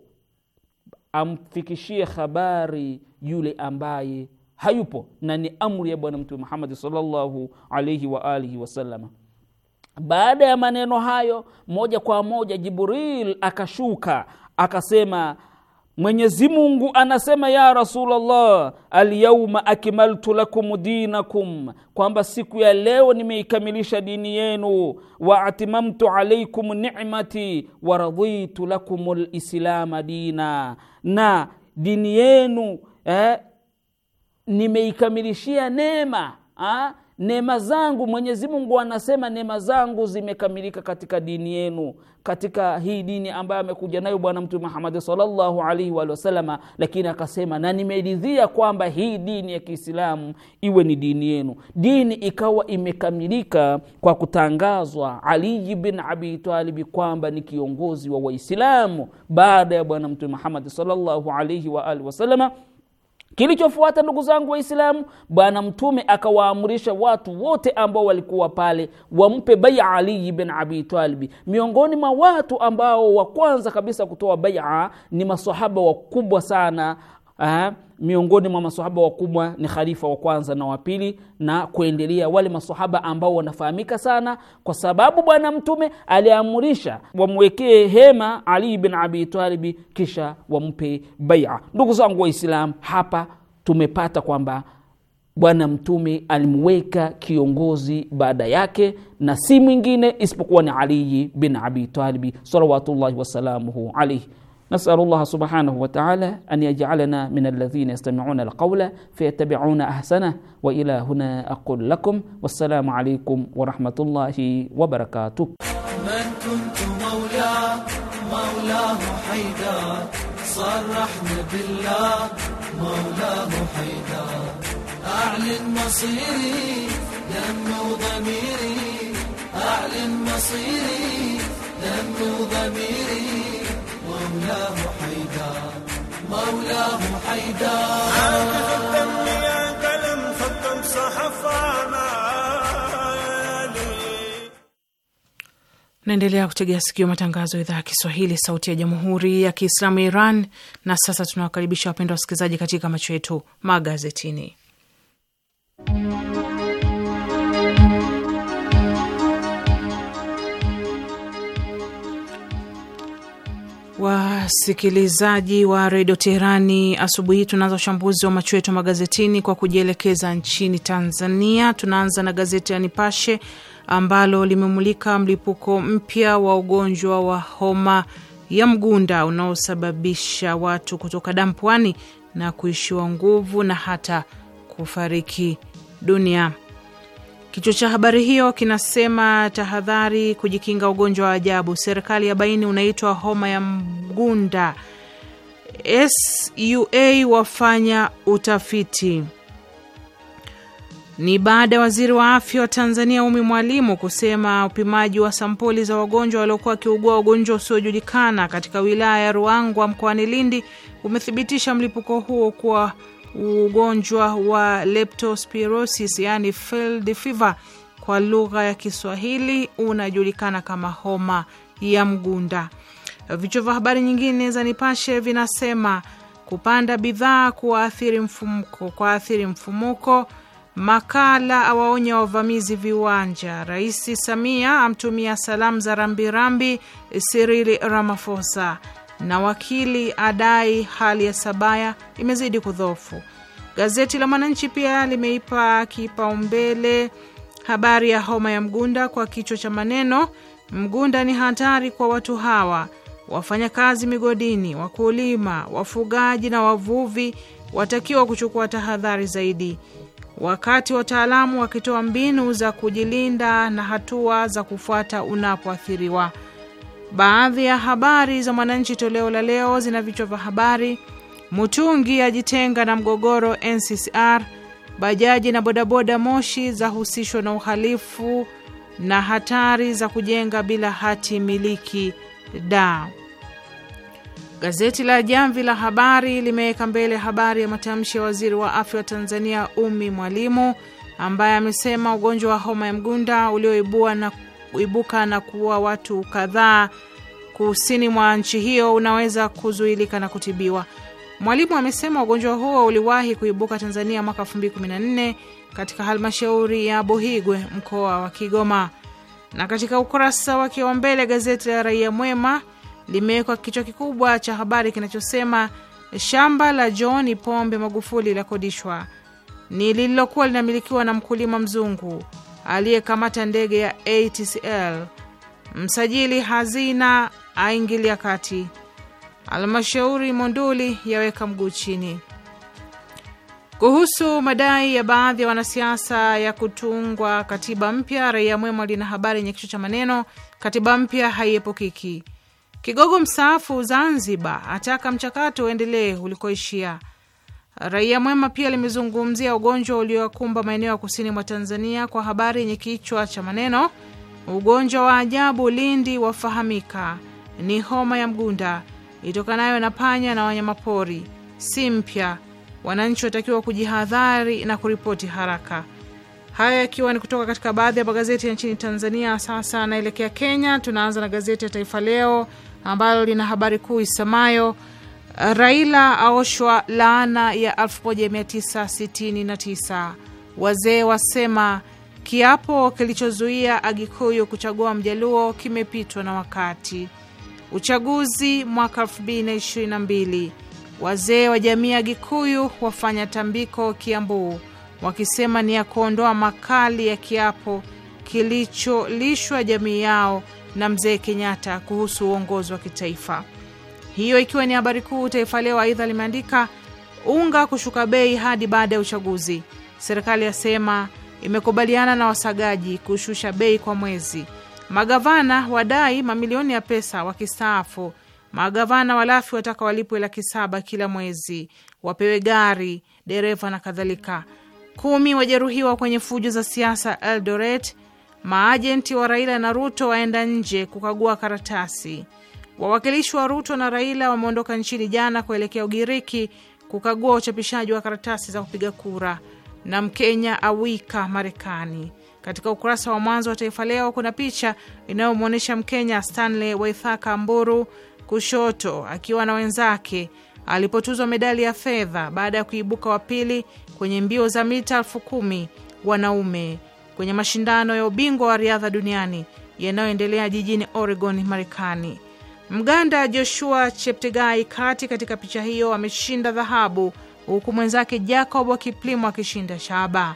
amfikishie habari yule ambaye hayupo, na ni amri ya Bwana Mtume Muhammadi sallallahu alaihi wa alihi wasalama. Baada ya maneno hayo, moja kwa moja Jibril akashuka akasema Mwenyezi Mungu anasema ya Rasulullah, alyauma akmaltu lakum dinakum, kwamba siku ya leo nimeikamilisha dini yenu, wa atimamtu alaikum ni'mati wa raditu lakum lislama dina, na dini yenu eh, nimeikamilishia neema ah, neema zangu. Mwenyezi Mungu anasema neema zangu zimekamilika katika dini yenu, katika hii dini ambayo amekuja nayo bwana mtume muhamadi sallallahu alaihi wa sallama, lakini akasema na nimeridhia kwamba hii dini ya kiislamu iwe ni dini yenu dini ikawa imekamilika kwa kutangazwa aliyi bin abi Talib kwamba ni kiongozi wa waislamu baada ya bwana mtume muhamadi sallallahu alaihi waalihi wasalama wa kilichofuata ndugu zangu waislamu bwana mtume akawaamrisha watu wote ambao walikuwa pale wampe baia aliyi bin abi miongoni mwa watu ambao wa kwanza kabisa kutoa baia ni masahaba wakubwa sana Aha. Eh, miongoni mwa masahaba wakubwa ni khalifa wa kwanza na wapili na kuendelea wale masahaba ambao wanafahamika sana kwa sababu bwana mtume aliamurisha wamwekee hema ali bin abi talibi kisha wampe baia ndugu zangu waislamu hapa tumepata kwamba bwana mtume alimweka kiongozi baada yake na si mwingine isipokuwa ni aliyi bin abi talibi salawatullahi wasalamuhu alaihi نسأل الله سبحانه وتعالى أن يجعلنا من الذين يستمعون القول فيتبعون أحسنه وإلى هنا أقول لكم والسلام عليكم ورحمة الله وبركاته من كنت مولاه مولاه حيدر صرحنا بالله مولاه حيدر أعلن مصيري دم ضميري أعلن مصيري دم ضميري Naendelea kutegea sikio matangazo ya idhaa ya Kiswahili, sauti ya jamhuri ya kiislamu ya Iran. Na sasa tunawakaribisha wapendwa wasikilizaji katika macho yetu magazetini. Wasikilizaji wa redio Teherani, asubuhi hii tunaanza uchambuzi wa macho yetu magazetini kwa kujielekeza nchini Tanzania. Tunaanza na gazeti la Nipashe ambalo limemulika mlipuko mpya wa ugonjwa wa homa ya mgunda unaosababisha watu kutoka damu puani na kuishiwa nguvu na hata kufariki dunia. Kichwa cha habari hiyo kinasema tahadhari kujikinga ugonjwa wa ajabu, serikali ya baini unaitwa homa ya mgunda, SUA wafanya utafiti. Ni baada ya waziri wa afya wa Tanzania Umi Mwalimu kusema upimaji wa sampuli za wagonjwa waliokuwa wakiugua ugonjwa usiojulikana katika wilaya ya Ruangwa mkoani Lindi umethibitisha mlipuko huo kuwa ugonjwa wa leptospirosis, yani field fever kwa lugha ya Kiswahili unajulikana kama homa ya mgunda. Vichwa vya habari nyingine za Nipashe vinasema kupanda bidhaa kuathiri mfumuko, kuathiri mfumuko. Makala awaonya wavamizi viwanja. Rais Samia amtumia salamu za rambirambi Sirili Ramaphosa na wakili adai hali ya Sabaya imezidi kudhofu. Gazeti la Mwananchi pia limeipa kipaumbele habari ya homa ya Mgunda kwa kichwa cha maneno, Mgunda ni hatari kwa watu hawa, wafanyakazi migodini, wakulima, wafugaji na wavuvi watakiwa kuchukua tahadhari zaidi, wakati wataalamu wakitoa mbinu za kujilinda na hatua za kufuata unapoathiriwa. Baadhi ya habari za Mwananchi toleo la leo zina vichwa vya habari: Mutungi ajitenga na mgogoro NCCR, bajaji na bodaboda Moshi zahusishwa na uhalifu na hatari za kujenga bila hati miliki da. Gazeti la Jamvi la Habari limeweka mbele habari ya matamshi ya waziri wa afya wa Tanzania Umi Mwalimu ambaye amesema ugonjwa wa homa ya mgunda ulioibua na kuibuka na kuua watu kadhaa kusini mwa nchi hiyo unaweza kuzuilika na kutibiwa. Mwalimu amesema ugonjwa huo uliwahi kuibuka Tanzania mwaka 2014 katika halmashauri ya Buhigwe, mkoa wa Kigoma. Na katika ukurasa wake wa mbele gazeti la Raia Mwema limewekwa kichwa kikubwa cha habari kinachosema shamba la John Pombe Magufuli la kodishwa, ni lililokuwa linamilikiwa na mkulima mzungu aliyekamata ndege ya ATCL, msajili hazina aingilia kati, almashauri Monduli yaweka mguu chini. Kuhusu madai ya baadhi ya wanasiasa ya kutungwa katiba mpya, Raia Mwema lina habari yenye kichwa cha maneno katiba mpya haiepukiki. Kigogo mstaafu Zanzibar ataka mchakato uendelee ulikoishia. Raia Mwema pia limezungumzia ugonjwa uliowakumba maeneo ya kusini mwa Tanzania kwa habari yenye kichwa cha maneno ugonjwa wa ajabu Lindi wafahamika, ni homa ya mgunda itokanayo na panya na wanyamapori, si mpya. Wananchi watakiwa kujihadhari na kuripoti haraka. Hayo yakiwa ni kutoka katika baadhi ya magazeti ya nchini Tanzania. Sasa anaelekea Kenya. Tunaanza na gazeti ya Taifa Leo ambalo lina habari kuu isemayo Raila aoshwa laana ya 1969. Wazee wasema kiapo kilichozuia Agikuyu kuchagua Mjaluo kimepitwa na wakati. Uchaguzi mwaka 2022, wazee wa jamii ya Gikuyu wafanya tambiko Kiambu wakisema ni ya kuondoa makali ya kiapo kilicholishwa jamii yao na mzee Kenyatta kuhusu uongozi wa kitaifa. Hiyo ikiwa ni habari kuu. Taifa Leo aidha limeandika unga kushuka bei hadi baada ya uchaguzi, serikali yasema imekubaliana na wasagaji kushusha bei kwa mwezi. Magavana wadai mamilioni ya pesa wakistaafu. Magavana walafi wataka walipwe laki saba kila mwezi, wapewe gari, dereva na kadhalika. Kumi wajeruhiwa kwenye fujo za siasa Eldoret. Maajenti wa Raila na Ruto waenda nje kukagua karatasi. Wawakilishi wa Ruto na Raila wameondoka nchini jana kuelekea Ugiriki kukagua uchapishaji wa karatasi za kupiga kura. Na Mkenya awika Marekani. Katika ukurasa wa mwanzo wa Taifa Leo kuna picha inayomwonyesha Mkenya Stanley Waithaka Mburu kushoto akiwa na wenzake alipotuzwa medali ya fedha baada ya kuibuka wa pili kwenye mbio za mita elfu kumi wanaume kwenye mashindano ya ubingwa wa riadha duniani yanayoendelea jijini Oregon, Marekani. Mganda Joshua Cheptegai Kati katika picha hiyo ameshinda dhahabu huku mwenzake Jacob Kiplimo akishinda shaba.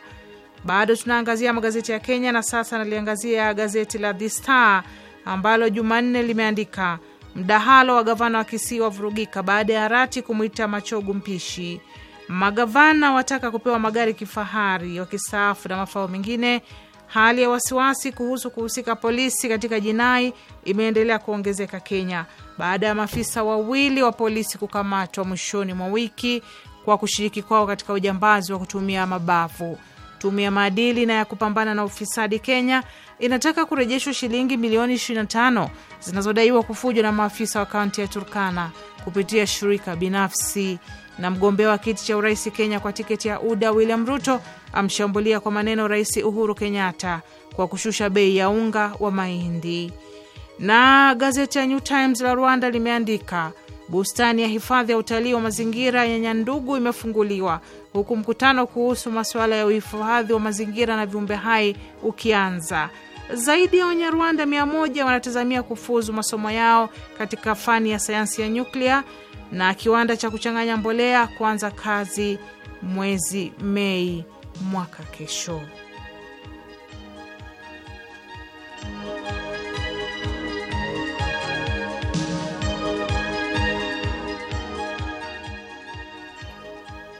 Bado tunaangazia magazeti ya Kenya na sasa naliangazia gazeti la The Star ambalo Jumanne limeandika mdahalo wa gavana wa Kisii wavurugika baada ya Arati kumwita Machogu mpishi. Magavana wataka kupewa magari kifahari wakistaafu na mafao mengine Hali ya wasiwasi kuhusu kuhusika polisi katika jinai imeendelea kuongezeka Kenya baada ya maafisa wawili wa polisi kukamatwa mwishoni mwa wiki kwa kushiriki kwao katika ujambazi wa kutumia mabavu. Tume ya maadili na ya kupambana na ufisadi Kenya inataka kurejeshwa shilingi milioni 25 zinazodaiwa kufujwa na maafisa wa kaunti ya Turkana kupitia shirika binafsi. Na mgombea wa kiti cha urais Kenya kwa tiketi ya UDA William Ruto amshambulia kwa maneno Rais Uhuru Kenyatta kwa kushusha bei ya unga wa mahindi. Na gazeti ya New Times la Rwanda limeandika bustani ya hifadhi ya utalii wa mazingira ya Nyandugu imefunguliwa huku mkutano kuhusu masuala ya uhifadhi wa mazingira na viumbe hai ukianza. Zaidi ya Wanyarwanda mia moja wanatazamia kufuzu masomo yao katika fani ya sayansi ya nyuklia na kiwanda cha kuchanganya mbolea kuanza kazi mwezi Mei mwaka kesho.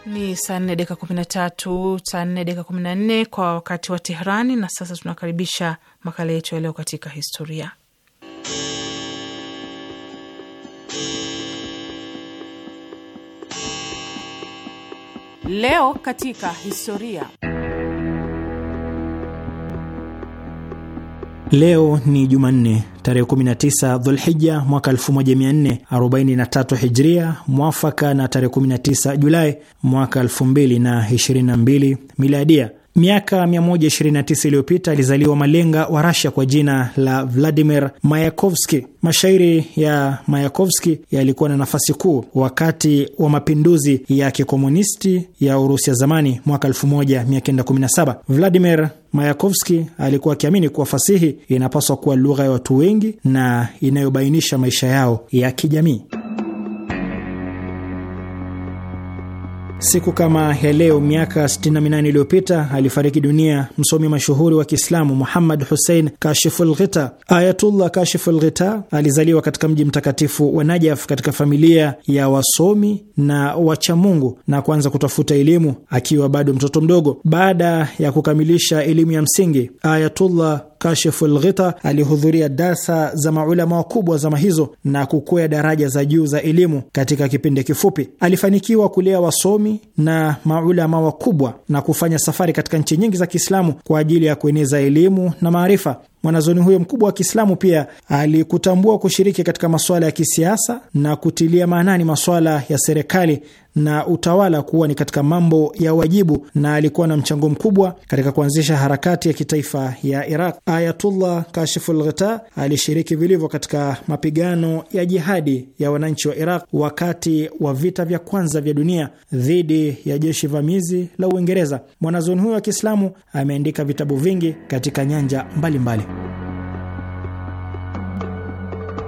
Ni saa nne dakika kumi na tatu saa nne dakika kumi na nne kwa wakati wa Teherani. Na sasa tunakaribisha makala yetu ya leo katika historia Leo katika historia. Leo ni Jumanne tarehe 19 Dhulhija mwaka 1443 Hijria, mwafaka na tarehe 19 Julai mwaka 2022 Miladia. Miaka 129 iliyopita alizaliwa malenga wa rasha kwa jina la Vladimir Mayakovski. Mashairi ya Mayakovski yalikuwa na nafasi kuu wakati wa mapinduzi ya kikomunisti ya Urusi ya zamani mwaka 1917. Vladimir Mayakovski alikuwa akiamini kuwa fasihi inapaswa kuwa lugha ya watu wengi na inayobainisha maisha yao ya kijamii. Siku kama ya leo miaka 68 iliyopita alifariki dunia msomi mashuhuri wa Kiislamu Muhammad Hussein Kashiful Ghita. Ayatullah Kashiful Ghita alizaliwa katika mji mtakatifu wa Najaf katika familia ya wasomi na wachamungu na kuanza kutafuta elimu akiwa bado mtoto mdogo. Baada ya kukamilisha elimu ya msingi, Ayatullah Kashiful Ghita alihudhuria darsa za maulama wakubwa zama hizo na kukwea daraja za juu za elimu katika kipindi kifupi. Alifanikiwa kulea wasomi wasomi na maulama wakubwa na kufanya safari katika nchi nyingi za Kiislamu kwa ajili ya kueneza elimu na maarifa. Mwanazoni huyo mkubwa wa Kiislamu pia alikutambua kushiriki katika masuala ya kisiasa na kutilia maanani masuala ya serikali na utawala kuwa ni katika mambo ya wajibu na alikuwa na mchango mkubwa katika kuanzisha harakati ya kitaifa ya Iraq. Ayatullah Kashiful Ghita alishiriki vilivyo katika mapigano ya jihadi ya wananchi wa Iraq wakati wa vita vya kwanza vya dunia dhidi ya jeshi vamizi la Uingereza. mwanazoni huyo wa Kiislamu ameandika vitabu vingi katika nyanja mbalimbali mbali.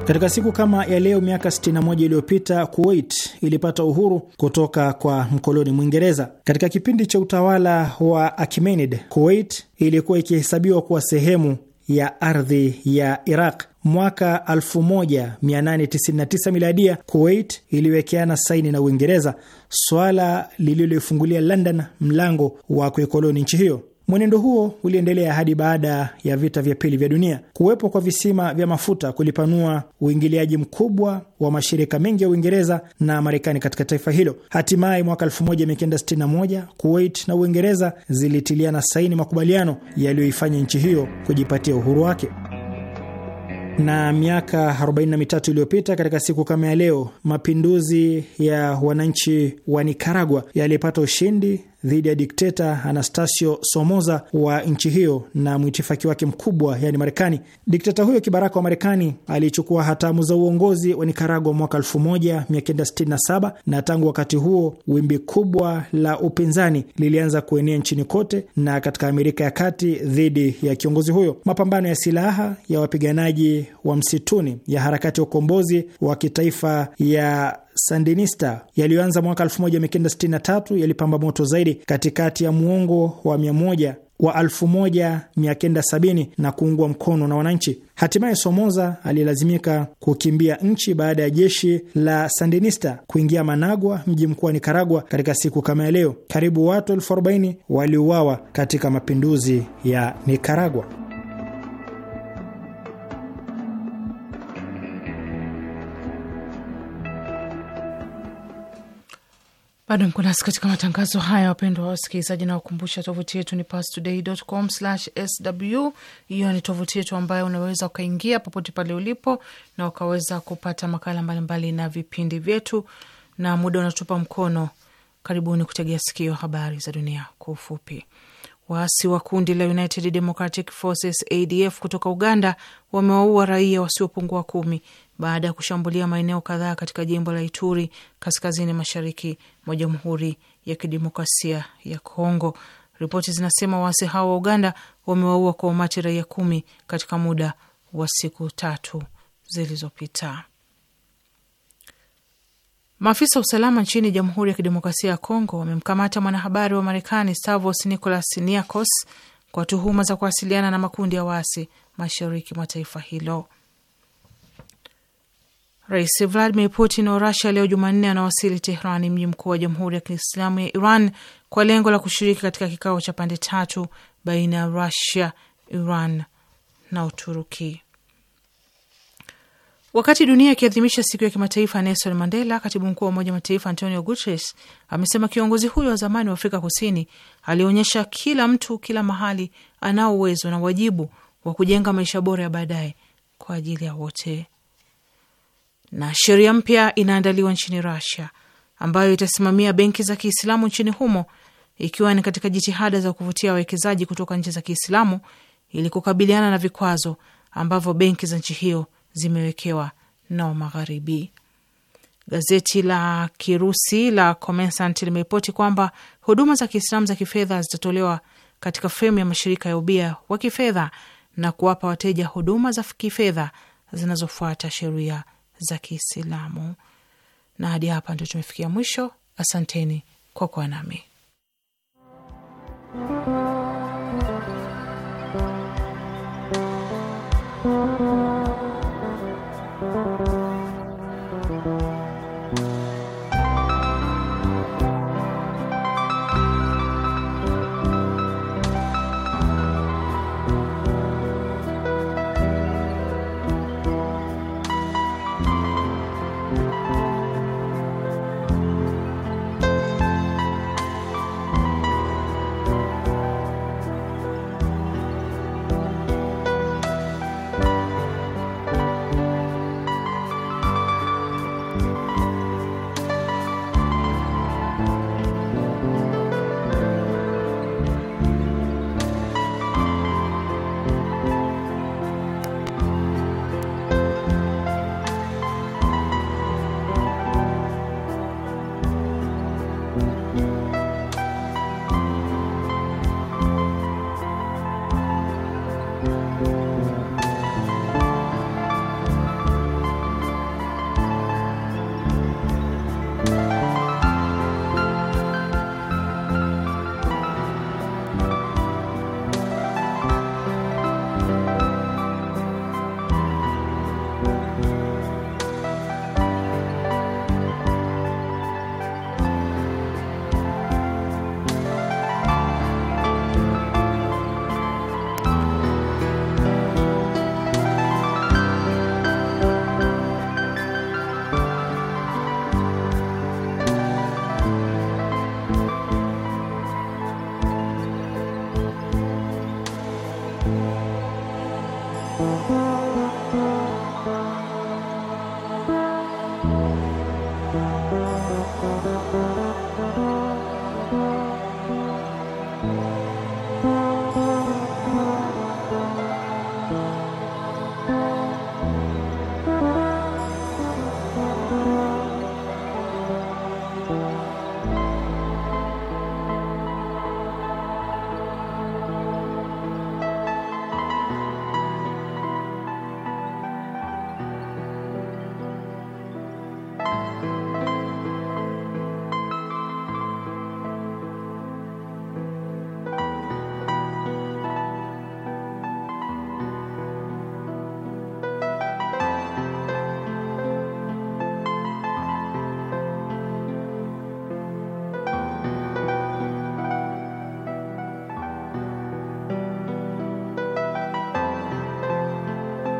Katika siku kama ya leo miaka 61 iliyopita Kuwait ilipata uhuru kutoka kwa mkoloni Mwingereza. Katika kipindi cha utawala wa Akimenid, Kuwait ilikuwa ikihesabiwa kuwa sehemu ya ardhi ya Iraq. Mwaka 1899 miladia, Kuwait iliwekeana saini na Uingereza, swala lililoifungulia London mlango wa kuikoloni nchi hiyo. Mwenendo huo uliendelea hadi baada ya vita vya pili vya dunia. Kuwepo kwa visima vya mafuta kulipanua uingiliaji mkubwa wa mashirika mengi ya Uingereza na Marekani katika taifa hilo. Hatimaye mwaka 1961 Kuwait na Uingereza zilitiliana saini makubaliano yaliyoifanya nchi hiyo kujipatia uhuru wake na miaka 43 iliyopita katika siku kama ya leo, mapinduzi ya wananchi wa Nikaragua yalipata ushindi dhidi ya dikteta Anastasio Somoza wa nchi hiyo na mwitifaki wake mkubwa, yani Marekani. Dikteta huyo kibaraka wa Marekani alichukua hatamu za uongozi wa Nikaragua mwaka 1967 na tangu wakati huo wimbi kubwa la upinzani lilianza kuenea nchini kote na katika Amerika ya kati dhidi ya kiongozi huyo. Mapambano ya silaha ya wapiganaji wa msituni ya harakati ya ukombozi wa kitaifa ya Sandinista yaliyoanza mwaka 1963 yalipamba moto zaidi katikati ya muongo wa 100 wa 1970 na kuungwa mkono na wananchi. Hatimaye Somoza alilazimika kukimbia nchi baada ya jeshi la Sandinista kuingia Managua, mji mkuu wa Nikaragua, katika siku kama ya leo. Karibu watu 40 waliuawa katika mapinduzi ya Nikaragua. Bado mko nasi katika matangazo haya, wapendwa wasikilizaji, na wakumbusha tovuti yetu ni pastoday.com/sw. Hiyo ni tovuti yetu ambayo unaweza ukaingia popote pale ulipo na ukaweza kupata makala mbalimbali na vipindi vyetu, na muda unatupa mkono. Karibuni kutegea sikio habari za dunia kwa ufupi. Waasi wa kundi la United Democratic Forces ADF kutoka Uganda wamewaua raia wasiopungua kumi baada ya kushambulia maeneo kadhaa katika jimbo la Ituri kaskazini mashariki mwa Jamhuri ya Kidemokrasia ya Kongo. Ripoti zinasema waasi hao wa Uganda wamewaua kwa umati raia kumi katika muda wa siku tatu zilizopita. Maafisa wa usalama nchini Jamhuri ya Kidemokrasia ya Kongo wamemkamata mwanahabari wa Marekani Stavros Nicolas Niakos kwa tuhuma za kuwasiliana na makundi ya waasi mashariki mwa taifa hilo. Rais Vladimir Putin wa Rusia leo Jumanne anawasili Tehrani, mji mkuu wa Jamhuri ya Kiislamu ya Iran, kwa lengo la kushiriki katika kikao cha pande tatu baina ya Rusia, Iran na Uturuki. Wakati dunia ikiadhimisha siku ya kimataifa ya Nelson Mandela, katibu mkuu wa Umoja Mataifa Antonio Guterres amesema kiongozi huyo wa zamani wa Afrika Kusini alionyesha kila mtu kila mahali anao uwezo na wajibu wa kujenga maisha bora ya baadaye kwa ajili ya wote. Na sheria mpya inaandaliwa nchini rusia ambayo itasimamia benki za Kiislamu nchini humo ikiwa ni katika jitihada za kuvutia wawekezaji kutoka nchi za Kiislamu ili kukabiliana na vikwazo ambavyo benki za nchi hiyo zimewekewa na Wamagharibi. Gazeti la Kirusi la Kommersant limeripoti kwamba huduma za Kiislamu za kifedha zitatolewa katika fremu ya mashirika ya ubia wa kifedha na kuwapa wateja huduma za kifedha zinazofuata sheria za Kiislamu. Na hadi hapa ndio tumefikia mwisho. Asanteni kwa kuwa nami.